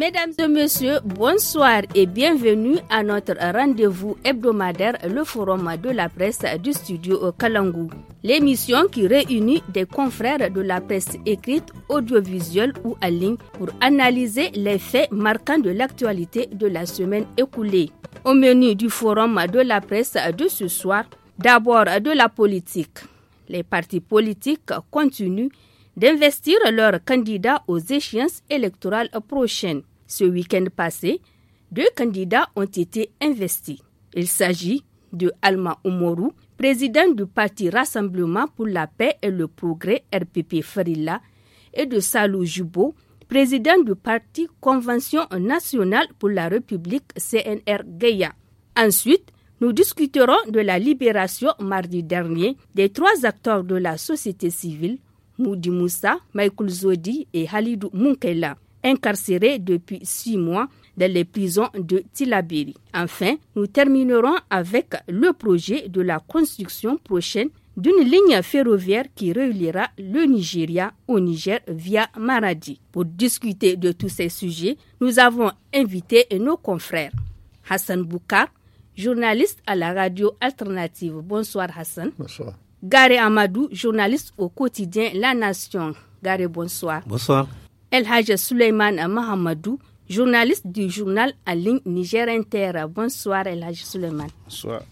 Mesdames et messieurs, bonsoir et bienvenue à notre rendez-vous hebdomadaire, le forum de la presse du studio Kalangou. L'émission qui réunit des confrères de la presse écrite, audiovisuelle ou en ligne pour analyser les faits marquants de l'actualité de la semaine écoulée. Au menu du forum de la presse de ce soir, d'abord de la politique. Les partis politiques continuent d'investir leurs candidats aux échéances électorales prochaines ce week-end passé, deux candidats ont été investis. Il s'agit de Alma Oumourou, président du parti Rassemblement pour la paix et le progrès RPP Farilla, et de Salou Jubo, président du parti Convention nationale pour la République CNR Gaïa. Ensuite, nous discuterons de la libération mardi dernier des trois acteurs de la société civile, Moudi Moussa, Michael Zodi et Halidou Munkela incarcérés depuis six mois dans les prisons de Tilaberi. Enfin, nous terminerons avec le projet de la construction prochaine d'une ligne ferroviaire qui reliera le Nigeria au Niger via Maradi. Pour discuter de tous ces sujets, nous avons invité nos confrères. Hassan Boukar, journaliste à la radio alternative. Bonsoir Hassan. Bonsoir. Gare Amadou, journaliste au quotidien La Nation. Gare, bonsoir. Bonsoir. El Suleyman Suleiman Mahamadou, journaliste du journal en ligne Niger Inter. Bonsoir El Hajj Suleiman. Bonsoir.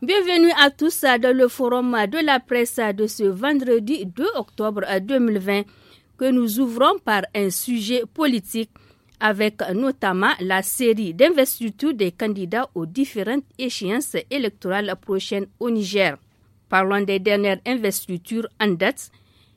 Bienvenue à tous dans le forum de la presse de ce vendredi 2 octobre 2020 que nous ouvrons par un sujet politique avec notamment la série d'investitures des candidats aux différentes échéances électorales prochaines au Niger. Parlons des dernières investitures en date.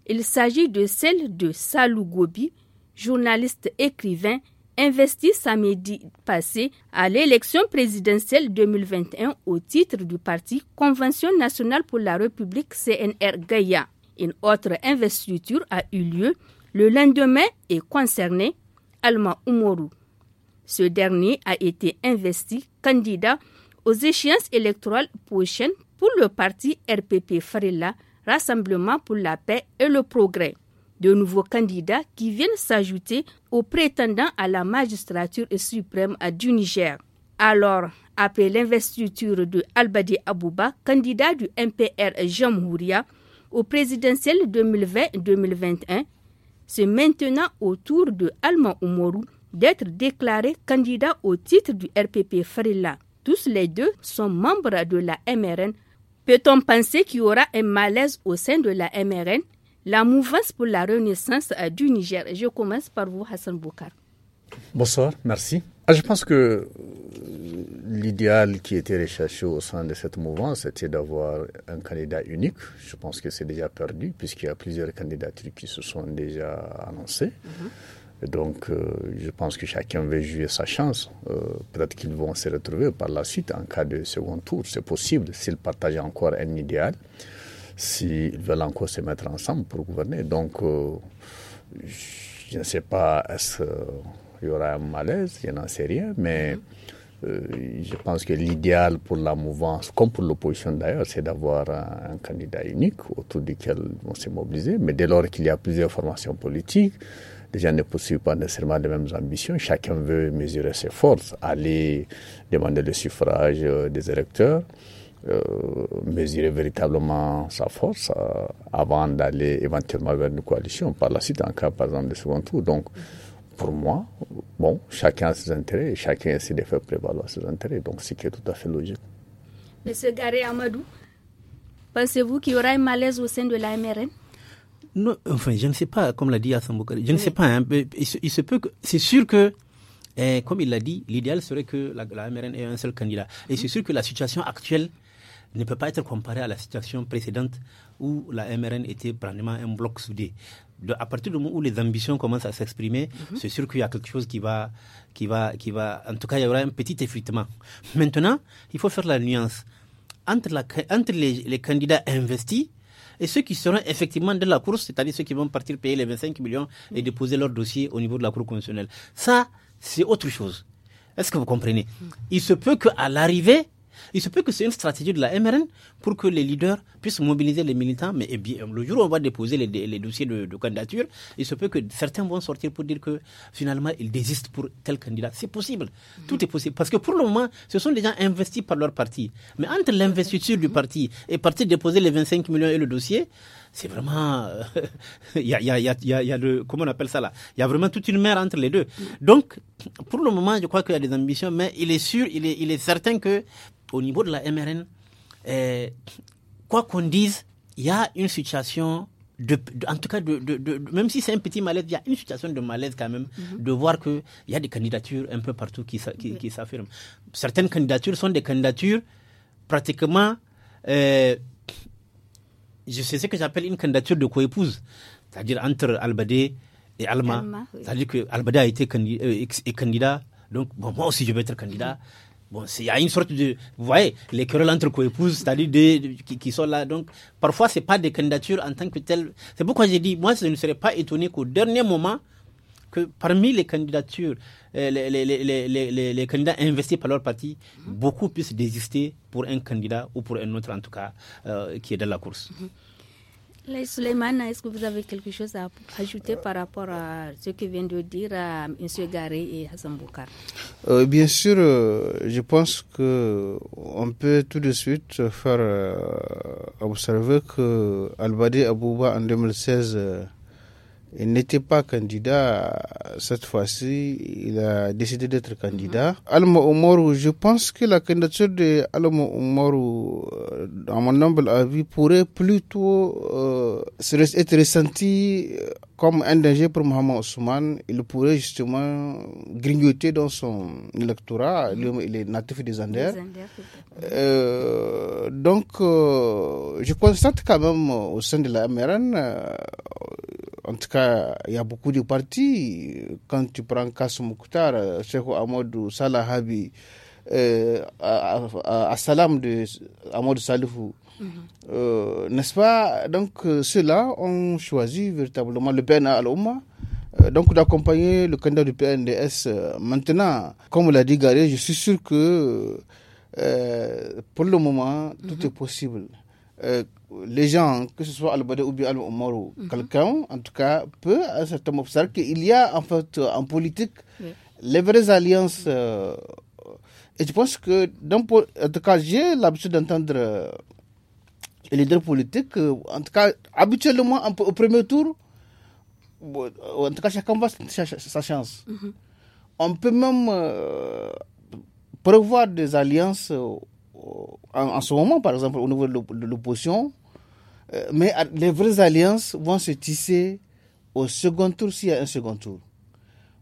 Il s'agit de celle de Salou Gobi, journaliste écrivain investi samedi passé à l'élection présidentielle 2021 au titre du parti Convention nationale pour la République CNR Gaïa. Une autre investiture a eu lieu le lendemain et concernait ce dernier a été investi candidat aux échéances électorales prochaines pour le parti RPP Farella, Rassemblement pour la paix et le progrès. De nouveaux candidats qui viennent s'ajouter aux prétendants à la magistrature suprême du Niger. Alors, après l'investiture de Albadi Abouba, candidat du MPR Jamhouria, au présidentiel 2020-2021, c'est maintenant au tour de Alma Oumoru d'être déclaré candidat au titre du RPP Frela. Tous les deux sont membres de la MRN. Peut-on penser qu'il y aura un malaise au sein de la MRN La mouvance pour la renaissance du Niger. Je commence par vous, Hassan Boukar. Bonsoir, merci. Ah, je pense que euh, l'idéal qui était recherché au sein de cette mouvance, était d'avoir un candidat unique. Je pense que c'est déjà perdu, puisqu'il y a plusieurs candidatures qui se sont déjà annoncées. Mhm. Donc, euh, je pense que chacun veut jouer sa chance. Euh, peut-être qu'ils vont se retrouver par la suite en cas de second tour. C'est possible s'ils partagent encore un idéal, s'ils veulent encore se mettre ensemble pour gouverner. Donc, je ne sais pas, est-ce il y aura un malaise, je n'en sais rien, mais mhm. euh, je pense que l'idéal pour la mouvance, comme pour l'opposition d'ailleurs, c'est d'avoir un, candidat unique autour duquel on s'est mobilisé. Mais dès lors qu'il y a plusieurs formations politiques, les gens ne poursuivent pas nécessairement les mêmes ambitions. Chacun veut mesurer ses forces, aller demander le suffrage euh, des électeurs. Euh, mesurer véritablement sa force avant d'aller éventuellement vers une coalition par la suite en cas par exemple de second tour. Donc mhm pour moi, bon, chacun a ses intérêts et chacun essaie de faire prévaloir ses intérêts. Donc, ce qui est tout à fait logique. Monsieur Garé Amadou, pensez-vous qu'il y aura un malaise au sein de la MRN non, enfin, je ne sais pas, comme l'a dit Hassan je ne sais pas, hein, il, se, peut c'est sûr que, eh, comme il l'a dit, l'idéal serait que la, MRN ait un seul candidat. Et c'est sûr que la situation actuelle ne peut pas être comparée à la situation précédente où la MRN était pratiquement un bloc soudé à partir du moment où les ambitions commencent à s'exprimer, mhm. c'est sûr qu'il y a quelque chose qui va, qui va, qui va. En tout cas, il y aura un petit effritement. Maintenant, il faut faire la nuance entre, entre les, les candidats investis et ceux qui seront effectivement dans la course, c'est-à-dire ceux qui vont partir payer les 25 millions et mhm. déposer leur dossier au niveau de la Cour conventionnelle. Ça, c'est autre chose. Est-ce que vous comprenez mhm. Il se peut qu'à l'arrivée, il se peut que c'est une stratégie de la MRN pour que les leaders puissent mobiliser les militants. Mais eh bien, le jour où on va déposer les, dossiers de, candidature, il se peut que certains vont sortir pour dire que finalement, ils désistent pour tel candidat. C'est possible. Tout est possible. Parce que pour le moment, ce sont des gens investis par leur parti. Mais entre l'investiture du parti et parti déposer les 25 millions et le dossier, c'est vraiment. Il y, a, le. Comment on appelle ça là Il y a vraiment toute une mer entre les deux. Donc, pour le moment, je crois qu'il y a des ambitions, mais il est sûr, il est certain que au niveau de la MRN, eh, quoi qu'on dise, il y a une situation de, en tout cas, de, même si c'est un petit malaise, il y a une situation de malaise quand même, mhm. de voir qu'il y a des candidatures un peu partout qui, qui, s'affirment. Certaines candidatures sont des candidatures pratiquement, eh, je sais ce que j'appelle une candidature de coépouse, c'est-à-dire entre Albadé et Alma. C'est-à-dire que a été candidat, euh, candidat, donc moi aussi je vais être candidat. Mhm. Bon, il y a une sorte de. Vous voyez, les querelles entre coépouses, c'est-à-dire qui, qui, sont là. Donc, parfois, ce n'est pas des candidatures en tant que telles. C'est pourquoi j'ai dit, moi, je ne serais pas étonné qu'au dernier moment, que parmi les candidatures, euh, les, candidats investis par leur parti, beaucoup puissent désister pour un candidat ou pour un autre, en tout cas, euh, qui est dans la course. Mhm. Les est-ce que vous avez quelque chose à ajouter par rapport à ce que vient de dire euh, M. Garé et Hassan Boukar euh, Bien sûr, euh, je pense que on peut tout de suite faire observer que Albadi Abouba en 2016 il n'était pas candidat euh, cette fois-ci. Il a décidé d'être candidat. Mhm. Alma Umoru, je pense que la candidature de Alma euh, dans à mon humble avis, pourrait plutôt euh, se être ressentie comme un danger pour Mohamed Ousmane. Il pourrait justement grignoter dans son électorat. Mhm. Il est natif des Andes. donc, je constate quand même au sein de la MRN, en tout cas, il y a beaucoup de partis. Quand tu prends Kassou Cheikh Amadou Salah euh, de Amadou Salifou, mhm. euh, n'est-ce pas Donc, euh, ceux-là ont choisi véritablement le PNA à donc d'accompagner le candidat du PNDS maintenant. Comme l'a dit Garé, je suis sûr que pour le moment, tout mhm. est possible les gens, que ce soit al ou bien al ou mhm. quelqu'un, en tout cas, peut à observer qu'il y a en fait en politique les vraies alliances. Euh, et je pense que, dans, en tout cas, j'ai l'habitude d'entendre euh, les leaders politiques, euh, en tout cas, habituellement, au premier tour, en tout cas, chacun va sa, sa chance. Mhm. On peut même prévoir des alliances en, ce moment, par exemple, au niveau de l'opposition. Euh, mais les vraies alliances vont se tisser au second tour s'il y a un second tour.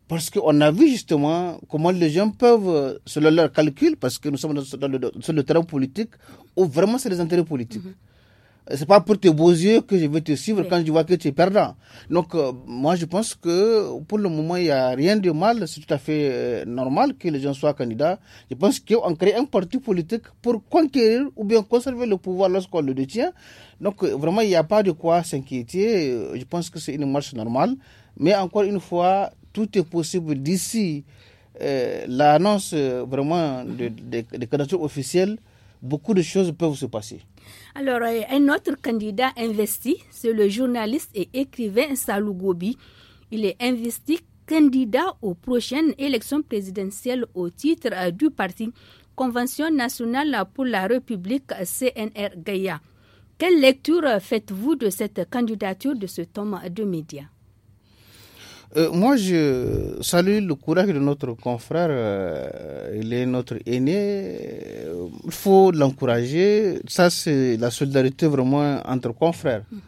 Parce qu'on a vu justement comment les gens peuvent, selon leur calcul, parce que nous sommes sur le terrain politique, où vraiment c'est des intérêts politiques. Mm-hmm c'est pas pour tes beaux yeux que je vais te suivre quand je vois que tu es perdant. Donc, euh, moi, je pense que pour le moment, il n'y a rien de mal. C'est tout à fait euh, normal que les gens soient candidats. Je pense qu'on crée un parti politique pour conquérir ou bien conserver le pouvoir lorsqu'on le détient. Donc, euh, vraiment, il n'y a pas de quoi s'inquiéter. Je pense que c'est une marche normale. Mais encore une fois, tout est possible d'ici l'annonce vraiment des de, candidatures officielles. Beaucoup de choses peuvent se passer. Alors, euh, un autre candidat investi, c'est le journaliste et écrivain Salou Gobi. Il est investi candidat aux prochaines élections présidentielles au titre euh, du parti Convention nationale pour la République CNR Gaïa. Quelle lecture faites-vous de cette candidature de ce tome de médias euh, moi, je salue le courage de notre confrère. Euh, il est notre aîné. Il faut l'encourager. Ça, c'est la solidarité vraiment entre confrères. Mhm.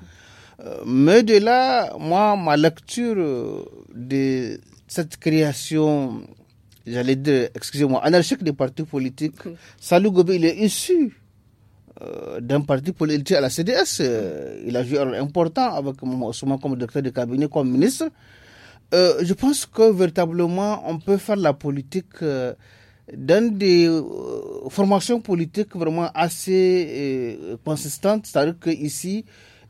Euh, mais de là, moi, ma lecture de cette création, j'allais dire, excusez-moi, anarchique des partis politiques, Salou Gobe, il est issu d'un parti politique à la CDS. Il a joué un rôle important avec souvent comme docteur de cabinet, comme ministre. Euh, je pense que véritablement, on peut faire la politique euh, dans des euh, formations politiques vraiment assez consistantes. C'est-à-dire qu'ici,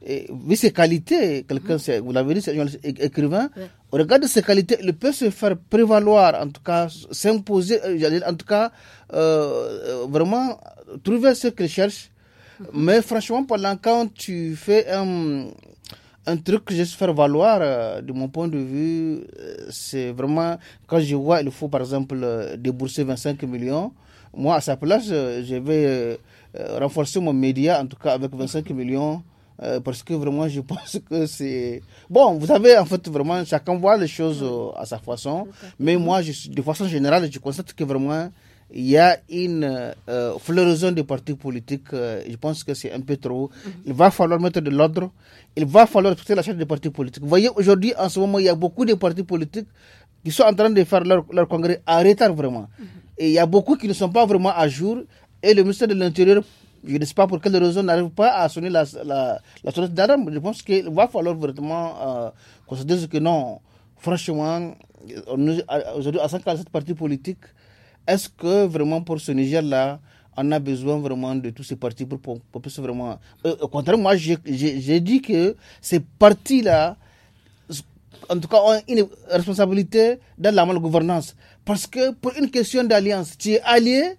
vu ses qualités, quelqu'un, mm-hmm. vous l'avez dit, c'est un écrivain, au regard de ses qualités, il peut se faire prévaloir, en tout cas s'imposer, en tout cas vraiment trouver ce qu'il cherche. Mm-hmm. Mais franchement, pendant quand tu fais un un truc que je veux faire valoir euh, de mon point de vue, euh, c'est vraiment quand je vois il faut par exemple euh, débourser 25 millions, moi à sa place, je vais renforcer mon média en tout cas avec 25 millions. parce que vraiment, je pense que c'est. Bon, vous savez, en fait, vraiment, chacun voit les choses à sa façon. Mais moi, je, de façon générale, je constate que vraiment, il y a une euh, floraison des partis politiques. Euh, je pense que c'est un peu trop. Il va falloir mettre de l'ordre. Il va falloir respecter la charte des partis politiques. Vous voyez, aujourd'hui, en ce moment, il y a beaucoup de partis politiques qui sont en train de faire leur, congrès en retard vraiment. Mhm. Et il y a beaucoup qui ne sont pas vraiment à jour. Et le ministère de l'Intérieur je ne sais pas pour quelle raison, n'arrive pas à sonner la, la, sonnette d'alarme. Je pense qu'il va falloir vraiment euh, qu'on se dise que non, franchement, euh, aujourd'hui, à 147 partis politiques, est-ce que vraiment pour ce Niger-là, on a besoin vraiment de tous ces partis pour, pour, vraiment. Euh, au contraire, moi, j'ai dit que ces partis-là, en tout cas, ont une responsabilité dans la gouvernance. Parce que pour une question d'alliance, tu es allié.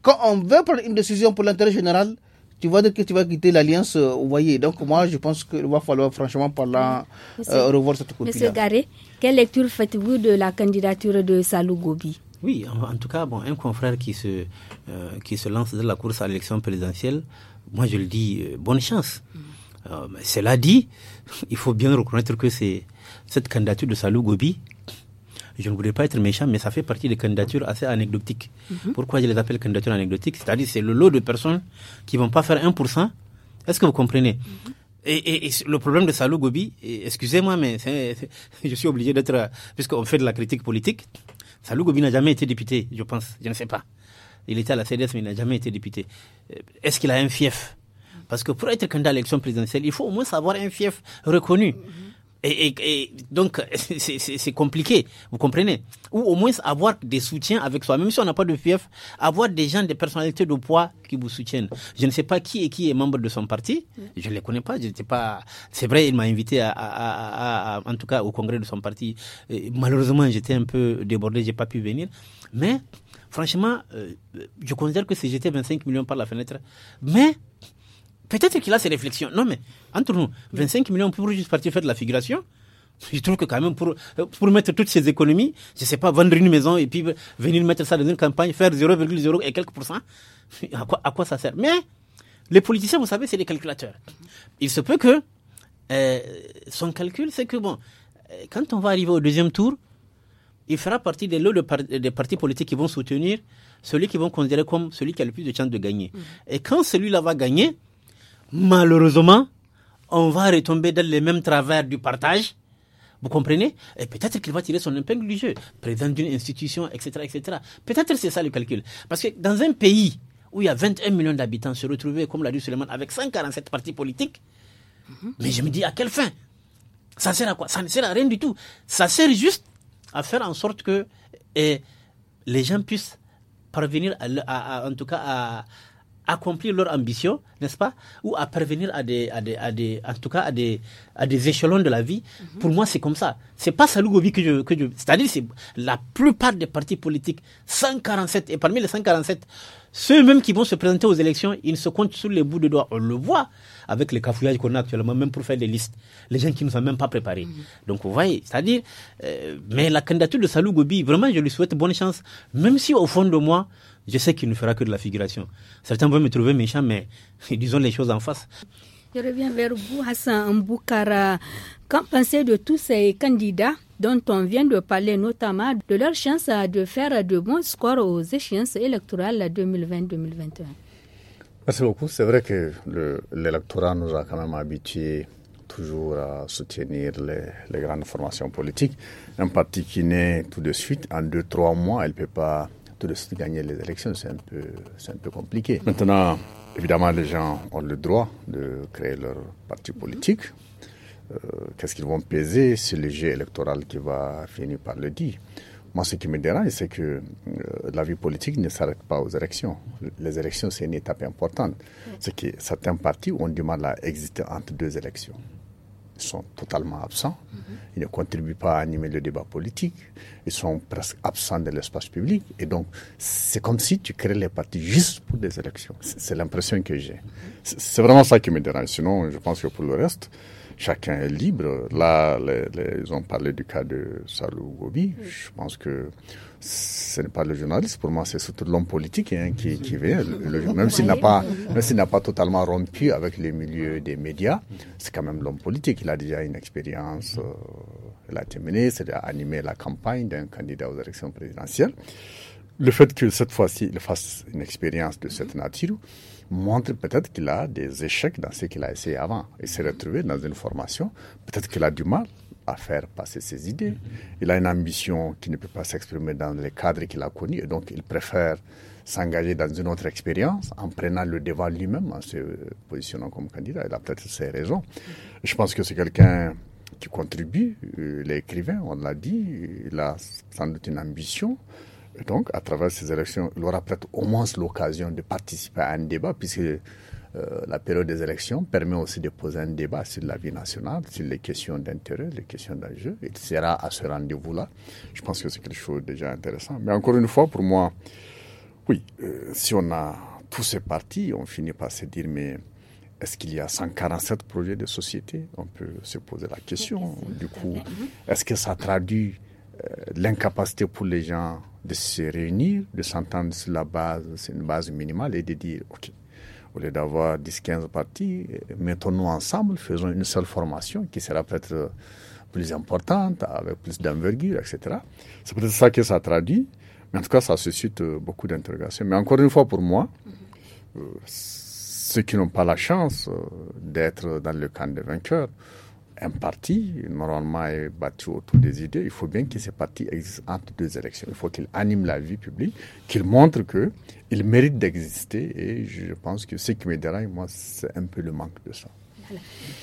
Quand on veut prendre une décision pour l'intérêt général, tu vois que tu vas quitter l'alliance, euh, vous voyez. Donc moi, je pense qu'il va falloir franchement par mm. euh, revoir cette copie. Monsieur Garé, quelle lecture faites-vous de la candidature de Salou Gobi oui, en, tout cas, bon, un confrère qui se, euh, qui se lance dans la course à l'élection présidentielle, moi je le dis, euh, bonne chance. Mm. Euh, cela dit, il faut bien reconnaître que c'est cette candidature de Salou Gobi, je ne voudrais pas être méchant, mais ça fait partie des candidatures assez anecdotiques. Mm-hmm. Pourquoi je les appelle candidatures anecdotiques C'est-à-dire c'est le lot de personnes qui ne vont pas faire 1%. Est-ce que vous comprenez mm-hmm. Et, le problème de Salou Gobi, excusez-moi, mais je suis obligé d'être, puisqu'on fait de la critique politique, Salou n'a jamais été député, je pense. Je ne sais pas. Il était à la CDS, mais il n'a jamais été député. Euh, est-ce qu'il a un fief Parce que pour être candidat à l'élection présidentielle, il faut au moins avoir un fief reconnu. Mhm. Et, donc, c'est compliqué, vous comprenez Ou au moins avoir des soutiens avec soi. Même si on n'a pas de fief avoir des gens, des personnalités de poids qui vous soutiennent. Je ne sais pas qui est qui est membre de son parti. Je ne les connais pas. J'étais pas. C'est vrai, il m'a invité à, à, en tout cas, au congrès de son parti. malheureusement, j'étais un peu débordé, j'ai pas pu venir. Mais franchement, euh, je considère que c'est jeter 25 millions par la fenêtre. Mais Peut-être qu'il a ses réflexions. Non, mais entre nous, 25 millions pour juste partir faire de la figuration, je trouve que quand même, pour, pour mettre toutes ces économies, je sais pas, vendre une maison et puis venir mettre ça dans une campagne, faire 0,0 et quelques pourcents, à quoi, à quoi ça sert Mais les politiciens, vous savez, c'est des calculateurs. Il se peut que euh, son calcul, c'est que, bon, euh, quand on va arriver au deuxième tour, il fera partie des lots de des partis politiques qui vont soutenir celui qui vont considérer comme celui qui a le plus de chances de gagner. Mmh. Et quand celui-là va gagner, malheureusement, on va retomber dans les mêmes travers du partage. Vous comprenez Et peut-être qu'il va tirer son épingle du jeu, président d'une institution, etc. etc. Peut-être c'est ça le calcul. Parce que dans un pays où il y a 21 millions d'habitants, se retrouver, comme l'a dit Suleiman, avec 147 partis politiques, mhm. mais je me dis à quelle fin Ça sert à quoi Ça ne sert à rien du tout. Ça sert juste à faire en sorte que eh, les gens puissent parvenir, en tout cas, à, accomplir leur ambition, n'est-ce pas Ou à parvenir à des, à des, à des, en tout cas à des, à des échelons de la vie. Mhm. Pour moi, c'est comme ça. C'est pas Salou que que je, c'est-à-dire c'est la plupart des partis politiques, 147, et parmi les 147, ceux mêmes qui vont se présenter aux élections, ils se comptent sous les bouts de doigts. On le voit avec les cafouillages qu'on a actuellement, même pour faire des listes. Les gens qui ne sont même pas préparés. Mhm. Donc, vous voyez, c'est-à-dire, euh, mais la candidature de Salou Gobi, vraiment, je lui souhaite bonne chance. Même si, au fond de moi, je sais qu'il ne fera que de la figuration. Certains vont me trouver méchant, mais disons les choses en face. Je reviens vers vous, Hassan Mboukara. Qu'en pensez vous de tous ces candidats dont on vient de parler, notamment de leur chance de faire de bons scores aux échéances électorales 2020-2021 Merci beaucoup. C'est vrai que l'électorat nous a quand même habitués toujours à soutenir les, les grandes formations politiques. Un parti qui naît tout de suite, en deux, trois mois, elle ne peut pas de se gagner les élections, c'est un, peu, un peu compliqué. Maintenant, évidemment, les gens ont le droit de créer leur parti politique. Euh, qu'est-ce qu'ils vont peser C'est le jeu électoral qui va finir par le dire. Moi, ce qui me dérange, c'est que euh, la vie politique ne s'arrête pas aux élections. Les élections, c'est une étape importante. C'est que certains partis ont du mal à exister entre deux élections. Ils sont totalement absents. Ils ne contribuent pas à animer le débat politique. Ils sont presque absents de l'espace public. Et donc, c'est comme si tu créais les partis juste pour des élections. C'est l'impression que j'ai. C'est vraiment ça qui me dérange. Sinon, je pense que pour le reste, chacun est libre. Là, ils ont parlé du cas de Salou Gobi. Je pense que ce n'est pas le journaliste. Pour moi, c'est surtout l'homme politique hein, qui, qui vient. même s'il n'a pas, n'a pas totalement rompu avec les milieux des médias, c'est quand même l'homme politique. Il a déjà une expérience. Euh, il a terminé, cest à animé la campagne d'un candidat aux élections présidentielles. Le fait que cette fois-ci, il fasse une expérience de cette mhm. nature, montre peut-être qu'il a des échecs dans ce qu'il a essayé avant. Il s'est retrouvé dans une formation, peut-être qu'il a du mal à faire passer ses idées. Mm-hmm. Il a une ambition qui ne peut pas s'exprimer dans les cadres qu'il a connus, et donc il préfère s'engager dans une autre expérience en prenant le devant lui-même, en se positionnant comme candidat. Il a peut-être ses raisons. Mm-hmm. Je pense que c'est quelqu'un qui contribue. Euh, l'écrivain, on l'a dit, il a sans doute une ambition donc, à travers ces élections, il aura peut-être au moins l'occasion de participer à un débat, puisque euh, la période des élections permet aussi de poser un débat sur la vie nationale, sur les questions d'intérêt, les questions d'enjeu. Il sera à ce rendez-vous-là. Je pense que c'est quelque chose déjà intéressant. Mais encore une fois, pour moi, oui, euh, si on a tous ces partis, on finit par se dire, mais est-ce qu'il y a 147 projets de société On peut se poser la question. Du coup, mm-hmm. est-ce que ça traduit euh, l'incapacité pour les gens de se réunir, de s'entendre sur la base, c'est une base minimale, et de dire, OK, au lieu d'avoir 10-15 parties, euh, mettons-nous ensemble, faisons une seule formation qui sera peut-être euh, plus importante, avec plus d'envergure, etc. C'est peut-être ça que ça traduit, mais en tout cas, ça suscite beaucoup d'interrogations. Mais encore une fois, pour moi, ceux qui n'ont pas la chance d'être dans le camp des vainqueurs, un parti, normalement, est battu autour des idées. Il faut bien que ce parti existe entre deux élections. Il faut qu'il anime la vie publique, qu'il montre il mérite d'exister. Et je pense que ce qui me dérange, moi, c'est un peu le manque de ça.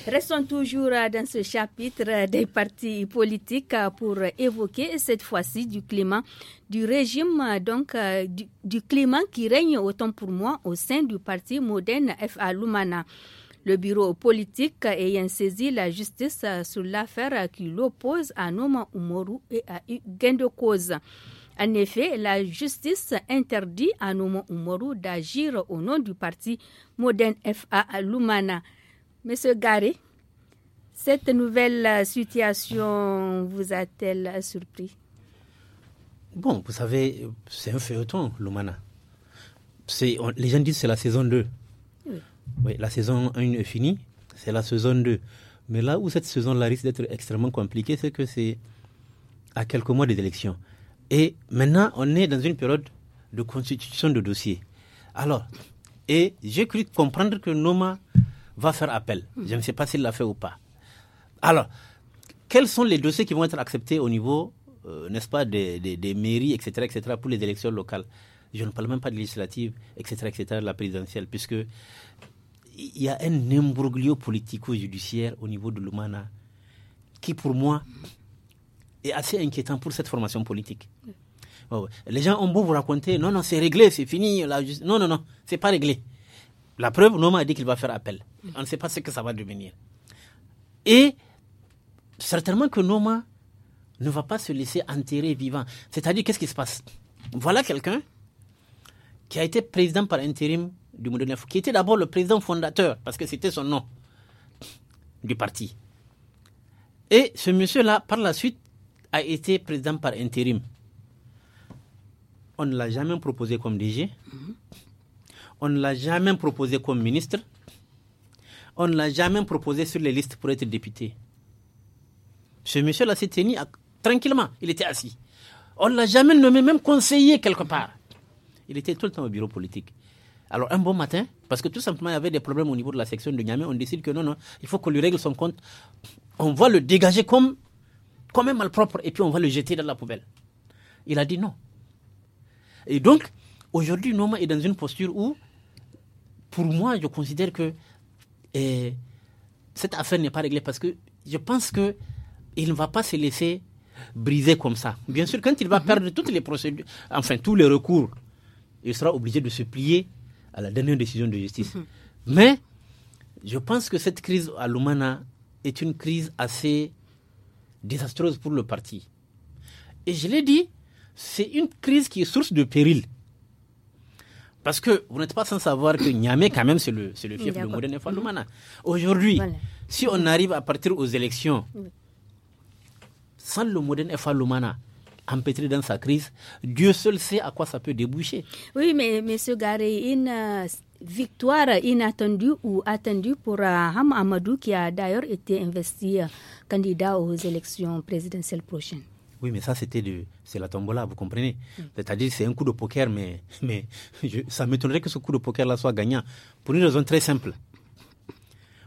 Restons toujours euh, dans ce chapitre euh, des partis politiques euh, pour évoquer cette fois-ci du climat, du régime donc du, du climat qui règne autant pour moi au sein du parti moderne FA Lumana. Le bureau politique ayant saisi la justice sur l'affaire qui l'oppose à Noma Umoru et à gain de cause. En effet, la justice interdit à Noma Umoru d'agir au nom du parti Modern FA Lumana. Monsieur Garé, cette nouvelle situation vous a-t-elle surpris Bon, vous savez, c'est un feuilleton, Lumana. les gens disent que c'est la saison 2. Oui, la saison 1 est finie, c'est la saison 2. Mais là où cette saison-là risque d'être extrêmement compliquée, c'est que c'est à quelques mois des élections. Et maintenant, on est dans une période de constitution de dossiers. Alors, et j'ai cru comprendre que Noma va faire appel. Je ne sais pas s'il l'a fait ou pas. Alors, quels sont les dossiers qui vont être acceptés au niveau, euh, n'est-ce pas, des, des, mairies, etc., etc., pour les élections locales Je ne parle même pas de législative, etc., etc., la présidentielle, puisque il y a un imbroglio politico-judiciaire au niveau de l'Umana qui, pour moi, est assez inquiétant pour cette formation politique. les gens ont beau vous raconter, non, non, c'est réglé, c'est fini. La Non, non, non, c'est pas réglé. La preuve, Noma a dit qu'il va faire appel. On ne sait pas ce que ça va devenir. Et certainement que Noma ne va pas se laisser enterrer vivant. C'est-à-dire, qu'est-ce qui se passe Voilà quelqu'un qui a été président par intérim du qui était d'abord le président fondateur, parce que c'était son nom du parti. Et ce monsieur-là, par la suite, a été président par intérim. On ne l'a jamais proposé comme DG. On ne l'a jamais proposé comme ministre. On ne l'a jamais proposé sur les listes pour être député. Ce monsieur-là s'est tenu tranquillement. Il était assis. On ne l'a jamais nommé même conseiller quelque part. Il était tout le temps au bureau politique. Alors un bon matin, parce que tout simplement il y avait des problèmes au niveau de la section de Niamey, on décide que non, non, il faut que lui règle son compte. On va le dégager comme, comme un malpropre et puis on va le jeter dans la poubelle. Il a dit non. Et donc, aujourd'hui, Noma est dans une posture où, pour moi, je considère que eh, cette affaire n'est pas réglée parce que je pense que ne va pas se laisser briser comme ça. Bien sûr, quand il va mhm. perdre toutes les procédures, enfin tous les recours, il sera obligé de se plier à la dernière décision de justice. Mhm. Mais je pense que cette crise à Lumana est une crise assez désastreuse pour le parti. Et je l'ai dit, c'est une crise qui est source de péril. Parce que vous n'êtes pas sans savoir que Niamey, quand même, c'est le, fief de Modène Lumana. Mhm. Aujourd'hui, si on arrive à partir aux élections sans le Modène Lumana, empêtré dans sa crise, Dieu seul sait à quoi ça peut déboucher. Oui, mais M. Garé, une euh, victoire inattendue ou attendue pour euh, Hamamadou, qui a d'ailleurs été investi euh, candidat aux élections présidentielles prochaines. Oui, mais ça, c'était de, c'est la tombola, vous comprenez mm. C'est-à-dire, c'est un coup de poker, mais, mais ça m'étonnerait que ce coup de poker-là soit gagnant. Pour une raison très simple.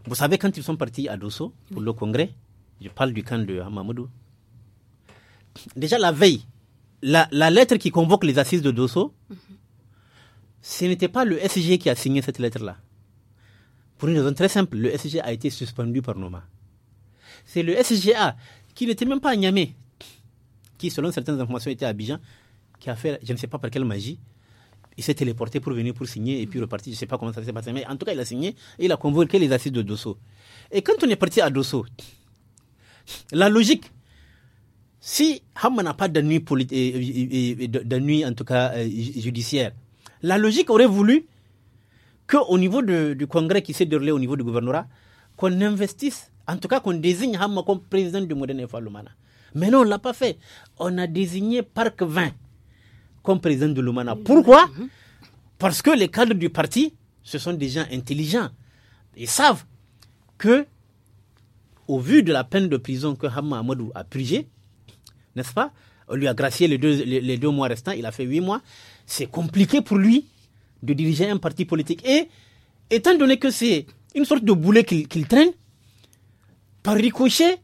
Vous savez, quand ils sont partis à Dosso pour le congrès, je parle du camp de Hamamadou, déjà la veille, la, la, lettre qui convoque les assises de Dosso, ce n'était pas le SG qui a signé cette lettre-là. Pour une raison très simple, le SG a été suspendu par Noma. C'est le SGA, qui n'était même pas à Niamey, qui, selon certaines informations, était à Bijan, qui a fait, je ne sais pas par quelle magie, il s'est téléporté pour venir pour signer et puis reparti. Je ne sais pas comment ça s'est passé, mais en tout cas, il a signé et il a convoqué les assises de Dosso. Et quand on est parti à Dosso, la logique si Hamma n'a pas d'ennui en tout cas euh, judiciaire, la logique aurait voulu qu'au niveau du congrès qui s'est déroulé au niveau du gouvernorat, qu'on investisse, en tout cas qu'on désigne Hamma comme président du Modène Lumana. Mais non, on ne l'a pas fait. On a désigné Parc 20 comme président de Lumana. Pourquoi Parce que les cadres du parti, ce sont des gens intelligents. et savent que, au vu de la peine de prison que Hamma Amadou a prigée, n'est-ce pas On lui a gracié les deux, les, deux mois restants, il a fait huit mois. C'est compliqué pour lui de diriger un parti politique. Et étant donné que c'est une sorte de boulet qu'il traîne, par ricochet,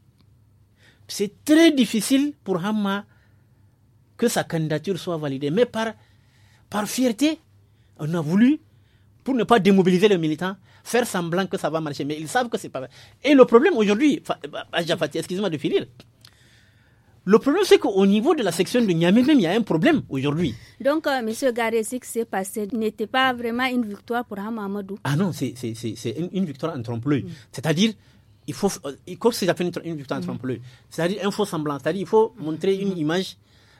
c'est très difficile pour Hamma que sa candidature soit validée. Mais par, par fierté, on a voulu, pour ne pas démobiliser le militant, faire semblant que ça va marcher. Mais ils savent que c'est pas vrai. Et le problème aujourd'hui, excuse-moi de finir, le problème, c'est qu'au niveau de la section de Niamey, même, il y a un problème aujourd'hui. Donc, euh, Monsieur M. c'est s'est passé, n'était pas vraiment une victoire pour Hamamadou. Ah non, c'est une, une, victoire en trompe-l'œil. Mm. C'est-à-dire, il faut, euh, comme c'est appelé une victoire en trompe mm. cest c'est-à-dire un faux semblant. C'est-à-dire, il faut mm. montrer une image,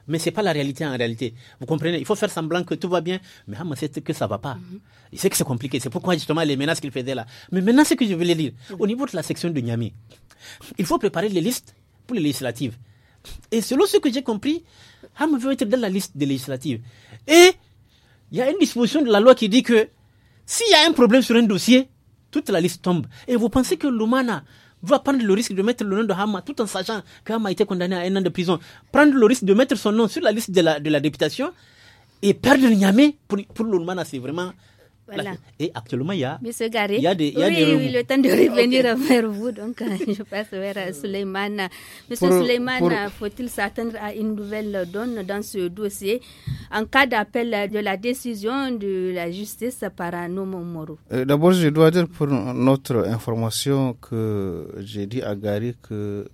mais ce c'est pas la réalité en réalité. Vous comprenez Il faut faire semblant que tout va bien, mais Hamas sait que ça va pas. Il mm-hmm. sait que c'est compliqué. C'est pourquoi, justement, les menaces qu'il faisait là. Mais maintenant, ce que je voulais dire, au niveau de la section de Niamey, il faut préparer les listes pour les législatives. Et selon ce que j'ai compris, Ham veut être dans la liste des législatives. Et il y a une disposition de la loi qui dit que s'il y a un problème sur un dossier, toute la liste tombe. Et vous pensez que l'Umana va prendre le risque de mettre le nom de Hama tout en sachant qu'Hama a été condamné à un an de prison, prendre le risque de mettre son nom sur la liste de la, de la députation et perdre le pour, pour Lumana, c'est vraiment et actuellement, il y a. Monsieur Il y le temps de revenir vers vous. Donc, euh, je passe vers euh, euh, Suleiman. Monsieur Suleiman, faut-il s'attendre à une nouvelle donne dans ce dossier en cas d'appel de la décision de la justice par Moro D'abord, je dois dire pour notre information que j'ai dit à Gary que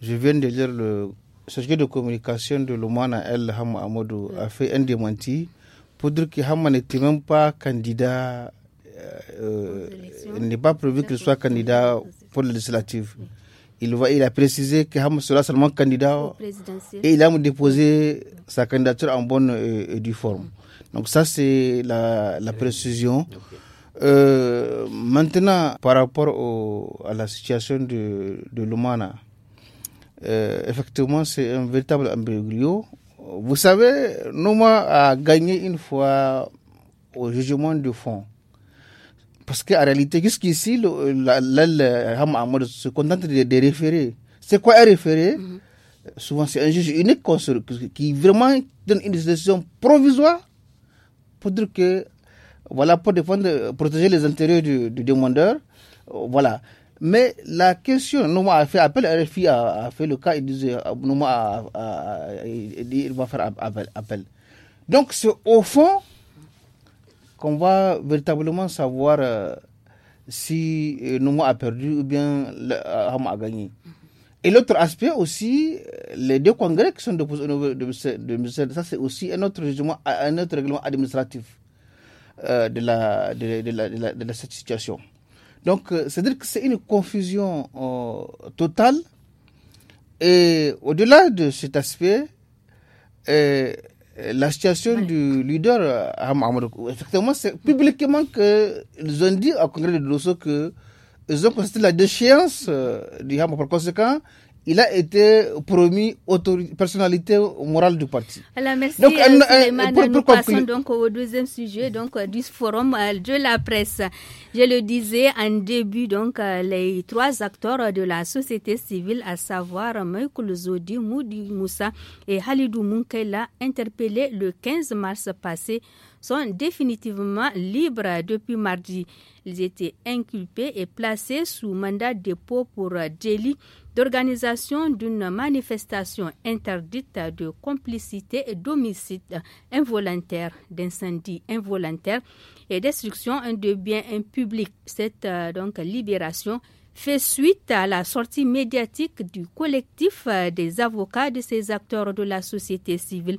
je viens de dire le. sujet de communication de l'Oumana El Hamadou a fait un démenti pour dire que Hamma n'était même pas candidat, euh, il n'est pas prévu qu'il soit candidat pour le législative. Il, va, il a précisé que sera seulement candidat et il a déposé sa candidature en bonne et, due forme. Donc ça, c'est la, la, précision. Euh, maintenant, par rapport à la situation de, de Lumana, euh, effectivement, c'est un véritable embryo. Vous savez, Noma a gagné une fois au jugement du fond. Parce qu'en réalité, jusqu'ici, Ahmad se contente de, référer. C'est quoi un référé mm-hmm. Souvent, c'est un juge unique qui vraiment donne une décision provisoire pour dire que, voilà, pour défendre, protéger les intérêts du, du demandeur. Voilà. Mais la question, Nouma a fait appel, RFI a, fait le cas, il disait, Nouma euh, euh, il va faire appel. Donc c'est au fond qu'on va véritablement savoir euh, si Noma a perdu ou bien Hama a gagné. Et l'autre aspect aussi, les deux congrès qui sont déposés au de, ça c'est aussi un autre, un autre règlement administratif de, la, de cette situation. Donc, euh, c'est-à-dire que c'est une confusion euh, totale. Et au-delà de cet aspect, euh, la situation du leader effectivement, c'est publiquement qu'ils ont dit au congrès de Dosso que ils ont constaté la déchéance du Hamas. Par conséquent, il a été promis personnalité morale du parti. merci. Donc, euh, nous passons donc au deuxième sujet donc, euh, du forum euh, de la presse. Je le disais en début, donc, les trois acteurs de la société civile, à savoir Michael Zodi, Moudi Moussa et Halidou Munkela, interpellés le 15 mars passé, sont définitivement libres depuis mardi. Ils étaient inculpés et placés sous mandat de dépôt pour délit d'organisation d'une manifestation interdite de complicité et d'homicide involontaire, d'incendie involontaire et destruction de biens publics. Cette euh, donc libération fait suite à la sortie médiatique du collectif euh, des avocats de ces acteurs de la société civile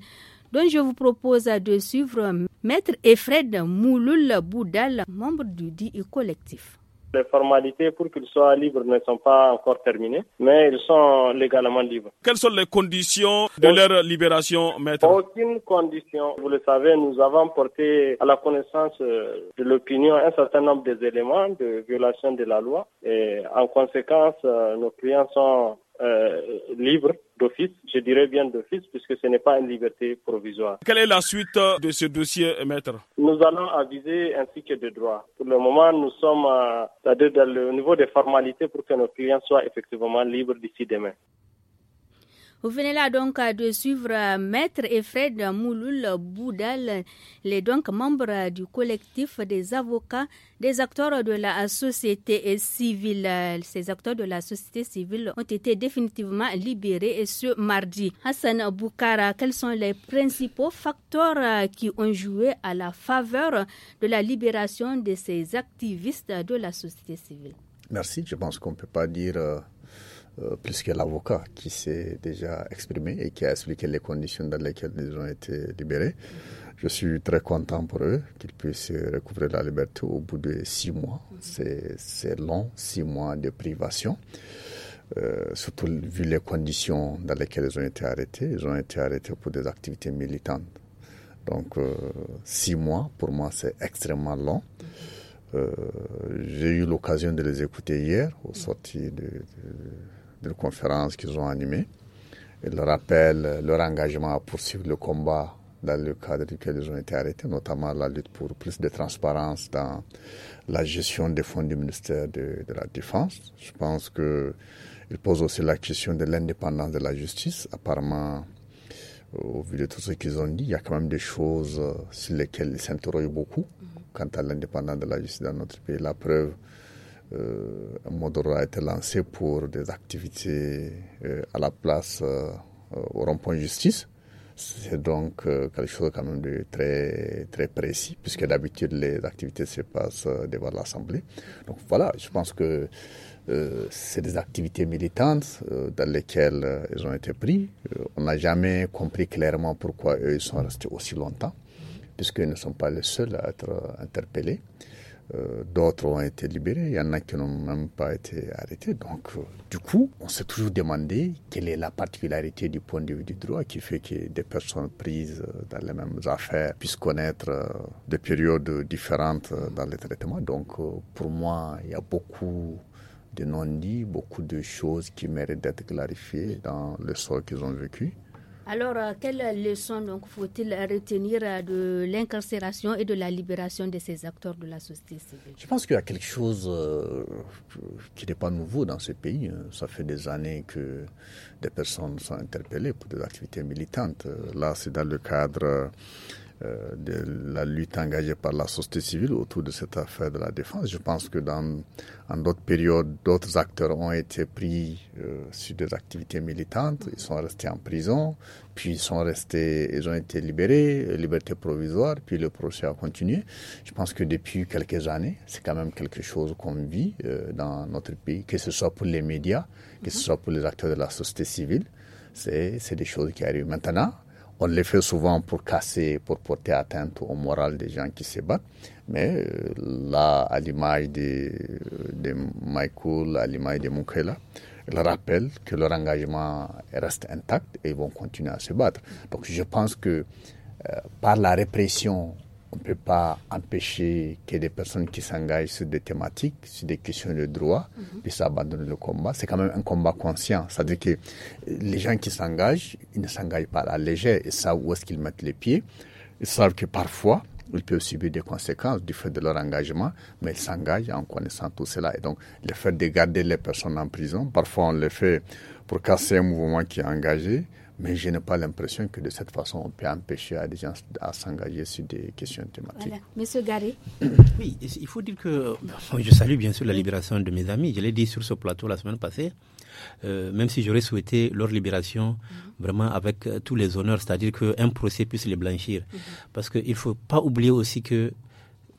dont je vous propose de suivre Maître Efred Mouloul Boudal, membre du dit collectif. Les formalités pour qu'ils soient libres ne sont pas encore terminées, mais ils sont légalement libres. Quelles sont les conditions de leur libération, maître Aucune condition. Vous le savez, nous avons porté à la connaissance euh, de l'opinion un certain nombre des éléments de violation de la loi et en conséquence, euh, nos clients sont euh, libre d'office, je dirais bien d'office, puisque ce n'est pas une liberté provisoire. Quelle est la suite euh, de ce dossier, euh, maître Nous allons aviser ainsi que de droit. Pour le moment, nous sommes, à deux dans le niveau des formalités pour que nos clients soient effectivement libres d'ici demain. Vous venez là donc euh, de suivre euh, Maître Efred Mouloul Boudal, les donc membres euh, du collectif des avocats des acteurs de la société civile. Ces acteurs de la société civile ont été définitivement libérés ce mardi. Hassan Boukara, quels sont les principaux facteurs qui ont joué à la faveur de la libération de ces activistes de la société civile Merci. Je pense qu'on ne peut pas dire euh, plus que l'avocat qui s'est déjà exprimé et qui a expliqué les conditions dans lesquelles ils ont été libérés. Je suis très content pour eux qu'ils puissent recouvrer la liberté au bout de six mois. C'est long, six mois de privation. Euh, surtout vu les conditions dans lesquelles ils ont été arrêtés. Ils ont été arrêtés pour des activités militantes. Donc, euh, six mois, pour moi, c'est extrêmement long. J'ai eu l'occasion de les écouter hier, au sorti de de conférences qu'ils ont animées. Ils rappellent leur engagement à poursuivre le combat dans le cadre duquel ils ont été arrêtés, notamment la lutte pour plus de transparence dans la gestion des fonds du ministère de, la Défense. Je pense qu'ils posent aussi la question de l'indépendance de la justice. Apparemment, au vu de tout ce qu'ils ont dit, il y a quand même des choses euh, sur lesquelles ils s'interrogent beaucoup mhm. quant à l'indépendance de la justice dans notre pays. La preuve, euh, mode a été lancé pour des activités euh, à la place euh, euh, au rond-point justice. C'est donc quelque chose quand même de très, très précis, puisque d'habitude les activités se passent devant l'Assemblée. Donc voilà, je pense que c'est des activités militantes dans lesquelles ils ont été pris. on n'a jamais compris clairement pourquoi eux ils sont restés aussi longtemps, puisqu'ils ne sont pas les seuls à être interpellés. Euh, d'autres ont été libérés, il y en a qui n'ont même pas été arrêtés. Donc, euh, du coup, on s'est toujours demandé quelle est la particularité du point de vue du droit qui fait que des personnes prises euh, dans les mêmes affaires puissent connaître des périodes différentes dans les traitements. Donc, pour moi, il y a beaucoup de non-dits, beaucoup de choses qui méritent d'être clarifiées dans le sort qu'ils ont vécu. Alors, euh, quelle leçon donc faut-il retenir euh, de l'incarcération et de la libération de ces acteurs de la société civile Je pense qu'il y a quelque chose euh, qui n'est pas nouveau dans ce pays. Hein. Ça fait des années que des personnes sont interpellées pour des activités militantes. Là, c'est dans le cadre euh, de la lutte engagée par la société civile autour de cette affaire de la défense. Je pense que dans en d'autres périodes, d'autres acteurs ont été pris euh, sur des activités militantes. Ils sont restés en prison, puis ils sont restés, ils ont été libérés, euh, liberté provisoire, puis le procès a continué. Je pense que depuis quelques années, c'est quand même quelque chose qu'on vit euh, dans notre pays, que ce soit pour les médias, que ce mhm. soit pour les acteurs de la société civile. C'est des choses qui arrivent maintenant on les fait souvent pour casser, pour porter atteinte au moral des gens qui se battent. Mais euh, là, à l'image euh, de, Michael, à l'image de Mukela, ils rappellent que leur engagement reste intact et ils vont continuer à se battre. Donc je pense que euh, par la répression on ne peut pas empêcher que des personnes qui s'engagent sur des thématiques, sur des questions de droit, mm s'abandonnent puissent abandonner le combat. C'est quand même un combat conscient. C'est-à-dire que euh, les gens qui s'engagent, ils ne s'engagent pas à la légère. Ils savent où est-ce qu'ils mettent les pieds. Ils savent que parfois, ils peuvent subir des conséquences du fait de leur engagement, mais ils s'engagent en connaissant tout cela. Et donc, le fait de garder les personnes en prison, parfois on le fait pour casser un mouvement qui est engagé, mais je n'ai pas l'impression que de cette façon, on peut empêcher à des gens à s'engager sur des questions thématiques. Monsieur Garé. Oui, il faut dire que euh, je salue bien sûr la libération de mes amis. Je l'ai dit sur ce plateau la semaine passée. Euh, même si j'aurais souhaité leur libération mhm. vraiment avec euh, tous les honneurs, c'est-à-dire qu'un procès puisse les blanchir. Mhm. Parce qu'il ne faut pas oublier aussi que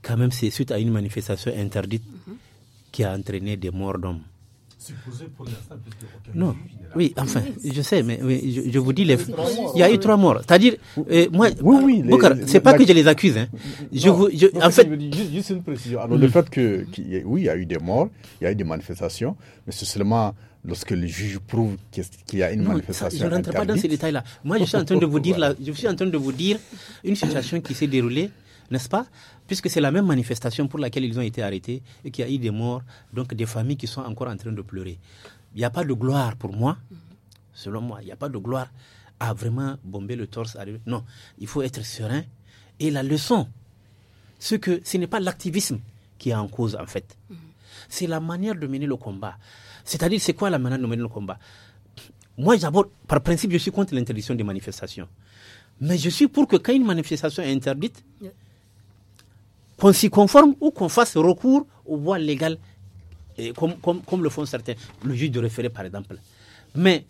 quand même c'est suite à une manifestation interdite mhm. qui a entraîné des morts d'hommes non. oui, enfin, je sais, mais je, vous dis, les... il y a eu hein. trois morts. C'est-à-dire, euh, moi, ce n'est c'est pas que je les accuse. Hein. Je vous, en fait, juste, une précision. le fait que, oui, il y a eu des morts, il y a eu des manifestations, mais c'est seulement lorsque le juge prouve qu'il y a une manifestation. je ne rentre pas dans ces détails-là. Moi, je suis en train de vous dire, je suis en train de vous dire une situation qui s'est déroulée n'est-ce pas Puisque c'est la même manifestation pour laquelle ils ont été arrêtés et qu'il y a eu des morts, donc des familles qui sont encore en train de pleurer. Il n'y a pas de gloire pour moi, selon moi, il n'y a pas de gloire à vraiment bomber le torse. Non, il faut être serein. Et la leçon, c'est que ce n'est pas l'activisme qui est en cause, en fait. C'est la manière de mener le combat. C'est-à-dire, c'est quoi la manière de mener le combat Moi, par principe, je suis contre l'interdiction des manifestations. Mais je suis pour que quand une manifestation est interdite, qu'on s'y conforme ou qu'on fasse recours aux voies légales, comme, le font certains, le juge de référé par exemple. Mais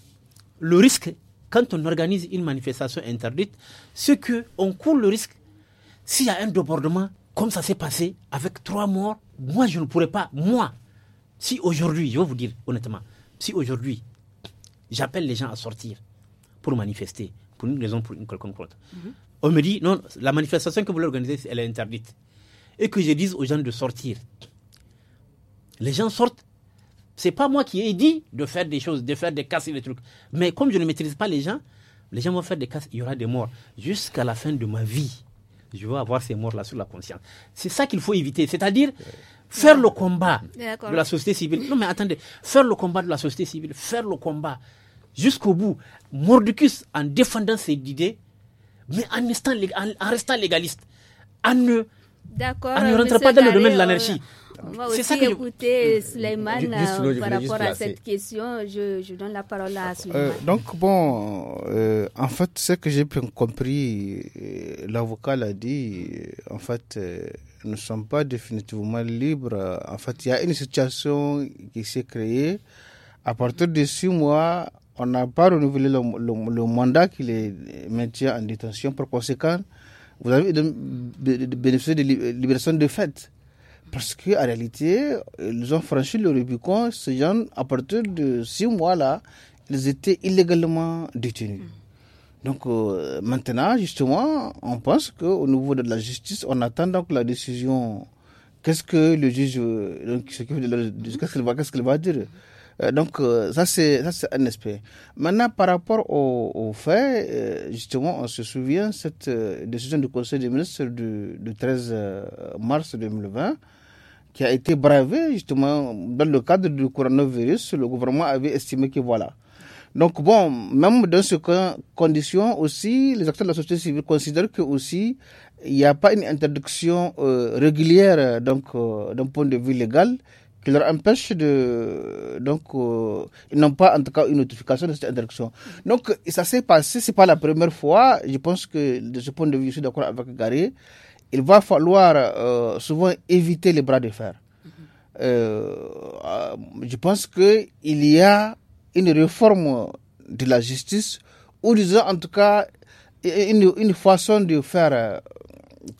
le risque, quand on organise une manifestation interdite, c'est qu'on court le risque, s'il y a un débordement, comme ça s'est passé, avec trois morts, moi je ne pourrais pas, moi, si aujourd'hui, je vais vous dire honnêtement, si aujourd'hui j'appelle les gens à sortir pour manifester, pour une raison, pour une quelconque autre, mhm. on me dit non, la manifestation que vous voulez organiser, elle est interdite et que je dise aux gens de sortir. Les gens sortent. C'est pas moi qui ai dit de faire des choses, de faire des casses et des trucs. Mais comme je ne maîtrise pas les gens, les gens vont faire des casses, il y aura des morts. Jusqu'à la fin de ma vie, je vais avoir ces morts-là sur la conscience. C'est ça qu'il faut éviter. C'est-à-dire faire le combat de la société civile. Non, mais attendez, faire le combat de la société civile, faire le combat jusqu'au bout. Mordicus, en défendant ses idées, mais en restant, en restant légaliste, en ne D'accord. Ah, ne rentre pas dans le domaine de l'anarchie. On aussi ça que écouter euh, Suleiman euh, par rapport à cette question. Je, donne la parole à euh, Suleiman. donc, bon, en fait, ce que j'ai bien compris, l'avocat l'a dit, en fait, nous ne sommes pas définitivement libres. En fait, il y a une situation qui s'est créée. À partir de six mois, on n'a pas renouvelé le, mandat qui les maintient en détention. Par conséquent, vous avez bénéficié de libération de fait. Parce qu'en réalité, ils ont franchi le Rubicon, ces gens, à partir de six mois-là, ils étaient illégalement détenus. Mm. Donc euh, maintenant, justement, on pense qu'au niveau de la justice, on attend donc la décision. Qu'est-ce que le juge, euh, donc, qu'est-ce qu'il va dire mm. Euh, donc euh, ça c'est un aspect. Maintenant par rapport aux au faits, euh, justement on se souvient cette décision du Conseil des ministres du, 13 mars 2020 qui a été bravée justement dans le cadre du coronavirus. Le gouvernement avait estimé que voilà. Donc bon, même dans ces conditions aussi, les acteurs de la société civile considèrent que aussi il n'y a pas une interdiction régulière donc d'un point de vue légal qui leur empêche de. Donc, euh, ils n'ont pas en tout cas une notification de cette interdiction. Donc, ça s'est passé, c'est pas la première fois. Je pense que de ce point de vue, je suis d'accord avec Gary. Il va falloir euh, souvent éviter les bras de fer. Euh, je pense qu'il y a une réforme de la justice, ou disons en tout cas une, une façon de faire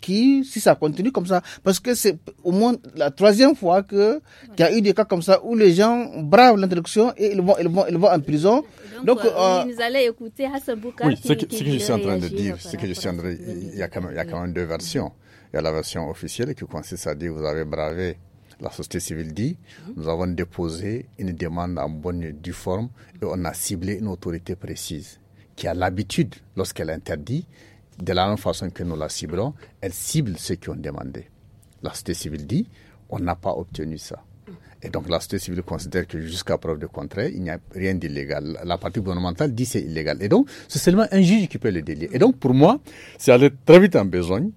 qui, si ça continue comme ça, parce que c'est au moins la troisième fois que qu'il y a eu des cas comme ça où les gens bravent l'introduction et ils vont, ils vont, ils vont en prison. Donc, vous euh, euh écouter Hassan Oui, ce, que, ce que, je suis en train de dire, c'est que je suis en train, il y a quand même, il y a quand même deux versions. Il y a la version officielle qui consiste à dire vous avez bravé la société civile dit, mhm. nous avons déposé une demande en bonne et due forme et on a ciblé une autorité précise qui a l'habitude, lorsqu'elle interdit, de la même façon que nous la ciblons, elle cible ceux qui ont demandé. La société civile dit, on n'a pas obtenu ça. Et donc la société civile considère que jusqu'à preuve de contraire, il n'y a rien d'illégal. La partie gouvernementale dit c'est illégal. Et donc c'est seulement un juge qui peut le délier. Et donc pour moi, c'est aller très vite en besogne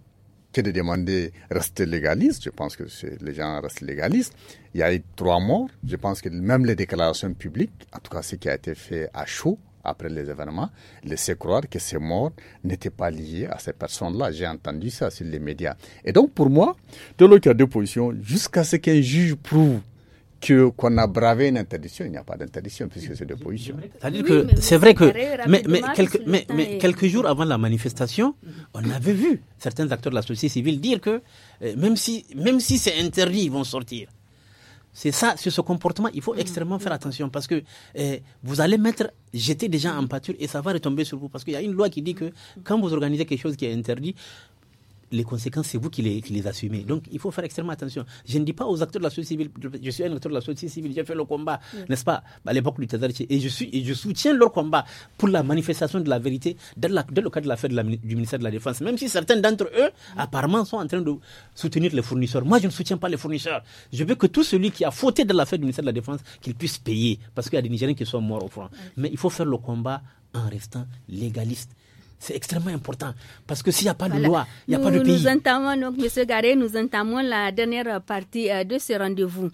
que de demander rester légaliste. Je pense que les gens restent légalistes. Il y a eu trois morts. Je pense que même les déclarations publiques, en tout cas ce qui a été fait à chaud, après les événements, laisser croire que ces morts n'étaient pas liées à ces personnes-là. J'ai entendu ça sur les médias. Et donc, pour moi, de l'autre, il y a Jusqu'à ce qu'un juge prouve que qu'on a bravé une interdiction, il n'y a pas d'interdiction puisque c'est de cest que c'est vrai que mais, quelques, jours avant la manifestation, on avait vu certains acteurs de la société civile dire que euh, même si même si c'est interdit, ils vont sortir. C'est ça, sur ce comportement, il faut mm. extrêmement faire mm. attention parce que eh, vous allez mettre, jeter des gens en pâture et ça va retomber sur vous. Parce qu'il y a une loi qui dit que mm. quand vous organisez quelque chose qui est interdit, les conséquences, c'est vous qui les, assumez. Donc, il faut faire extrêmement attention. Je ne dis pas aux acteurs de la société civile, je suis un acteur de la société civile, j'ai fait le combat, n'est-ce pas, à l'époque du Tazarché, et je, et je soutiens leur combat pour la manifestation de la vérité dans, le cadre de l'affaire du ministère de la Défense, même si certains d'entre eux, apparemment, sont en train de soutenir les fournisseurs. Moi, je ne soutiens pas les fournisseurs. Je veux que tout celui qui a fauté dans l'affaire du ministère de la Défense, qu'il puisse payer, parce qu'il y a des Nigériens qui sont morts au front. Mais il faut faire le combat en restant légaliste c'est extrêmement important. Parce que s'il n'y a pas de loi, il n'y a pas de pays. Nous entamons donc, M. Garé, nous entamons la dernière partie euh, de ce rendez-vous.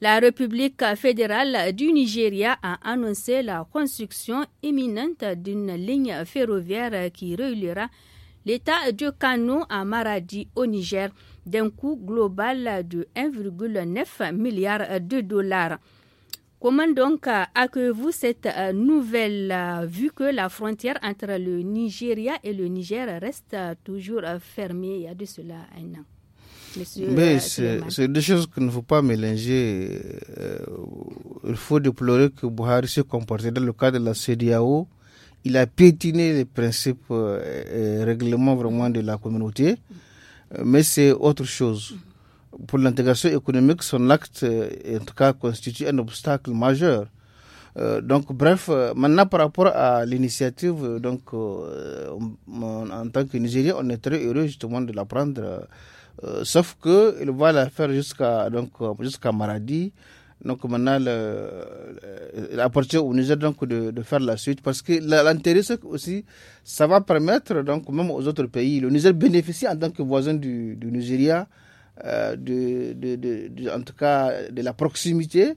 La République fédérale du Nigeria a annoncé la construction imminente d'une ligne ferroviaire qui reliera l'État de Kano à Maradi au Niger d'un coût global de 1,9 milliard de dollars. Comment donc accueillez-vous cette euh, nouvelle euh, vu que la frontière entre le Nigeria et le Niger reste euh, toujours fermée il y a de cela un an c'est des choses qu'il ne faut pas mélanger. il faut déplorer que Buhari se comporte. dans le cadre de la CDAO. Il a piétiné les principes et règlements vraiment de la communauté, mais c'est autre chose pour l'intégration économique, son acte, euh, en tout cas, constitue un obstacle majeur. Euh, donc, bref, euh, maintenant par rapport à l'initiative, donc en tant que Nigérien, on est très heureux justement de la prendre. sauf que il va la faire jusqu'à donc jusqu'à Maradi. Donc maintenant, le, partir il au Niger donc de, faire la suite parce que l'intérêt c'est aussi ça va permettre donc même aux autres pays. Le Niger bénéficie en tant que voisin du, du Nigeria euh, de, en tout cas de la proximité.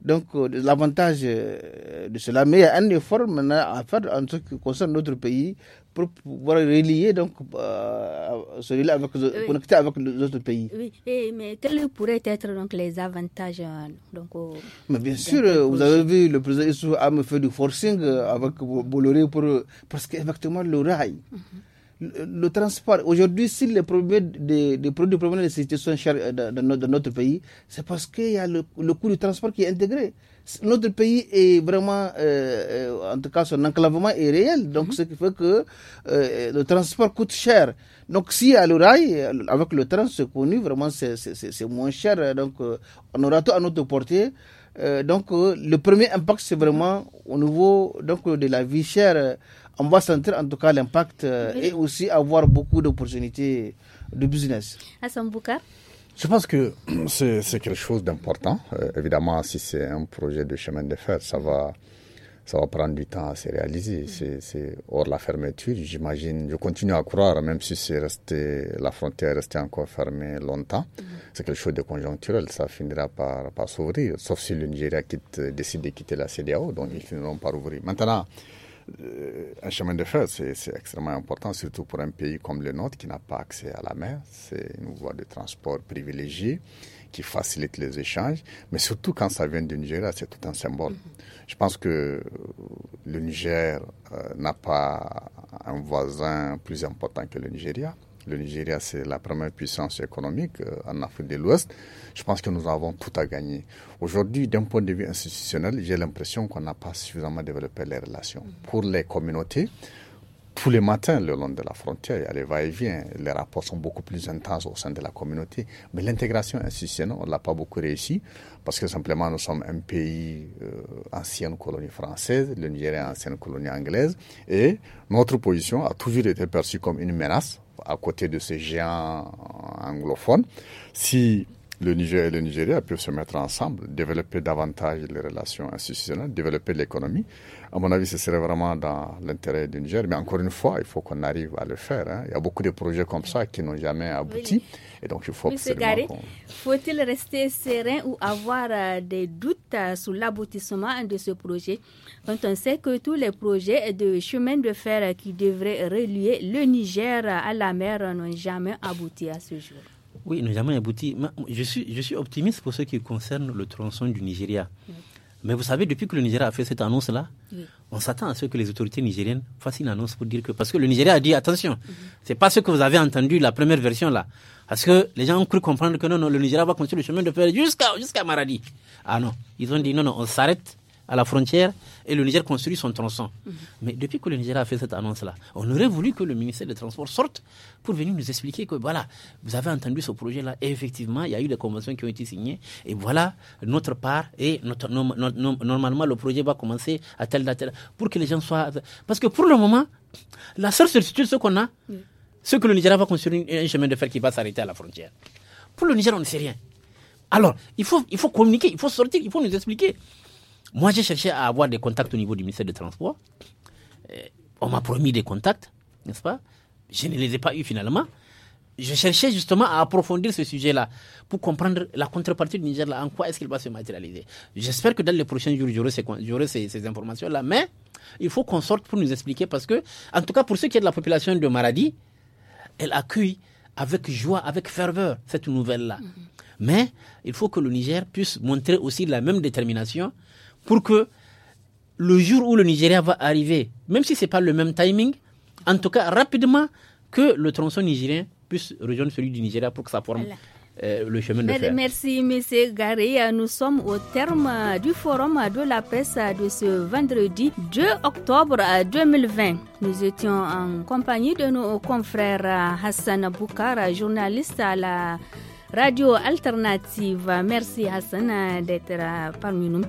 Donc, euh, l'avantage euh, de cela. Mais il y a un effort maintenant à faire en ce qui concerne notre pays pour pouvoir relier donc, celui-là avec, connecter avec les autres pays. Oui, mais quels pourraient être donc, les avantages donc, mais Bien sûr, vous avez vu, le président Issou a fait du forcing avec Bolloré pour, parce qu'effectivement, le rail. Mhm le, transport. Aujourd'hui, si les problèmes des, des produits de sont chers euh, dans, notre, pays, c'est parce qu'il y a le, coût du transport qui est intégré. Notre pays est vraiment, euh, euh, en tout cas, son enclavement est réel. Donc, mhm. ce qui fait que le transport coûte cher. Donc, si à l'oreille avec le train, c'est connu, vraiment, c'est moins cher. Donc, on aura tout à notre portée. donc, le premier impact, c'est vraiment au niveau donc, de la vie chère on va sentir en tout cas l'impact euh, et aussi avoir beaucoup d'opportunités de business. À Boukar je pense que c'est quelque chose d'important. Euh, évidemment, si c'est un projet de chemin de fer, ça va, ça va prendre du temps à se réaliser. Mm. C'est hors la fermeture, j'imagine. Je continue à croire, même si c'est resté, la frontière est restée encore fermée longtemps. Mm. C'est quelque chose de conjoncturel, ça finira par, par s'ouvrir, sauf si le Nigeria quitte, décide de quitter la CDAO, donc ils finiront par ouvrir. Maintenant, euh, un chemin de fer, c'est extrêmement important, surtout pour un pays comme le nôtre qui n'a pas accès à la mer. C'est une voie de transport privilégiée qui facilite les échanges, mais surtout quand ça vient du Nigeria, c'est tout un symbole. Mm-hmm. Je pense que euh, le Niger euh, n'a pas un voisin plus important que le Nigeria le Nigeria, c'est la première puissance économique euh, en Afrique de l'Ouest, je pense que nous avons tout à gagner. Aujourd'hui, d'un point de vue institutionnel, j'ai l'impression qu'on n'a pas suffisamment développé les relations. Mm-hmm. Pour les communautés, tous les matins le long de la frontière, il y a les va-et-vient, les rapports sont beaucoup plus intenses au sein de la communauté. Mais l'intégration institutionnelle, on ne l'a pas beaucoup réussi parce que simplement nous sommes un pays euh, ancienne colonie française, le Nigeria ancienne colonie anglaise, et notre position a toujours été perçue comme une menace à côté de ces géants anglophones. Si le Niger et le Nigeria peuvent se mettre ensemble, développer davantage les relations institutionnelles, développer l'économie. À mon avis, ce serait vraiment dans l'intérêt du Niger. Mais encore une fois, il faut qu'on arrive à le faire. Hein. Il y a beaucoup de projets comme ça qui n'ont jamais abouti. Et donc, il faut Monsieur absolument faut-il rester serein ou avoir euh, des doutes euh, sur l'aboutissement de ce projet quand on sait que tous les projets de chemin de fer qui devraient relier le Niger à la mer n'ont jamais abouti à ce jour oui, nous avons abouti. Euh, je suis, je suis optimiste pour ce qui concerne le tronçon du Nigeria. Mais vous savez, depuis que le Nigeria a fait cette annonce-là, on s'attend à ce que les autorités nigériennes fassent une annonce pour dire que. Parce que le Nigeria a dit attention, mhm. c'est pas ce que vous avez entendu, la première version là. Parce que les gens ont cru comprendre que non, non, le Nigeria va construire le chemin de fer jusqu'à jusqu'à Maradi. Ah non, ils ont dit non, non, on s'arrête à la frontière et le Niger construit son tronçon. Mais depuis que le Niger a fait cette annonce-là, on aurait voulu que le ministère des Transports sorte pour venir nous expliquer que voilà, vous avez entendu ce projet-là, effectivement, il y a eu des conventions qui ont été signées, et voilà notre part, et notre, normalement le projet va commencer à telle date, pour que les gens soient... Parce que pour le moment, la seule certitude, ce qu'on a, ce c'est que le Niger va construire un chemin de fer qui va s'arrêter à la frontière. Pour le Niger, on ne sait rien. Alors, il il faut communiquer, il faut sortir, il faut nous expliquer. Moi, j'ai cherché à avoir des contacts au niveau du ministère des Transports. Euh, on m'a promis des contacts, n'est-ce pas Je ne les ai pas eus finalement. Je cherchais justement à approfondir ce sujet-là pour comprendre la contrepartie du Niger, là, en quoi est-ce qu'il va se matérialiser. J'espère que dans les prochains jours, j'aurai ces, informations-là, mais il faut qu'on sorte pour nous expliquer parce que, en tout cas, pour ceux qui sont de la population de Maradi, elle accueille avec joie, avec ferveur cette nouvelle-là. Mm-hmm. Mais il faut que le Niger puisse montrer aussi la même détermination pour que le jour où le Nigeria va arriver, même si ce n'est pas le même timing, en tout cas rapidement, que le tronçon nigérien puisse rejoindre celui du Nigeria pour que ça forme. Euh, le chemin de fer. Merci, M. Garé. Nous sommes au terme euh, du forum de la paix euh, de ce vendredi 2 octobre 2020. Nous étions en compagnie de nos confrères Hassan Boukar, journaliste à la Radio Alternative. Merci Hassan d'être euh, parmi nous.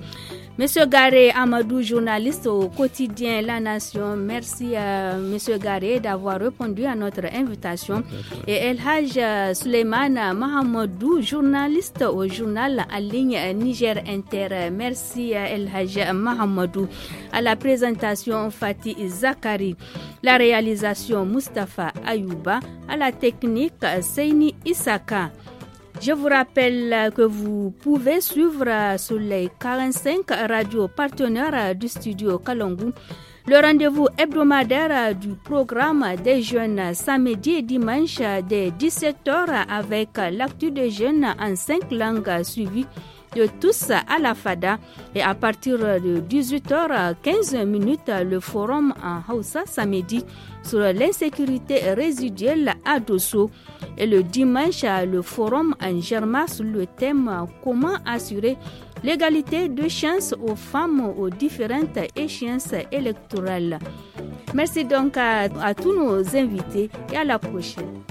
Monsieur Garé Amadou, journaliste au quotidien La Nation, merci à euh, Monsieur Garé d'avoir répondu à notre invitation. Et El Hajj euh, Suleiman Mahamadou, journaliste au journal en ligne Niger Inter, merci El Haj Mahamadou. À la présentation, Fatih Zakari. La réalisation, Mustafa Ayouba. À la technique, Seini Isaka. Je vous rappelle que vous pouvez suivre sur les 45 radios partenaires du studio Kalongou. le rendez-vous hebdomadaire du programme des jeunes samedi et dimanche dès 17h avec l'actu des jeunes en cinq langues suivies de tous à la FADA. Et à partir de 18h15, le forum en Hausa samedi sur l'insécurité résiduelle à Dosso. Et le dimanche, le forum en Germa sur le thème Comment assurer l'égalité de chance aux femmes aux différentes échéances électorales. Merci donc à tous nos invités et à la prochaine.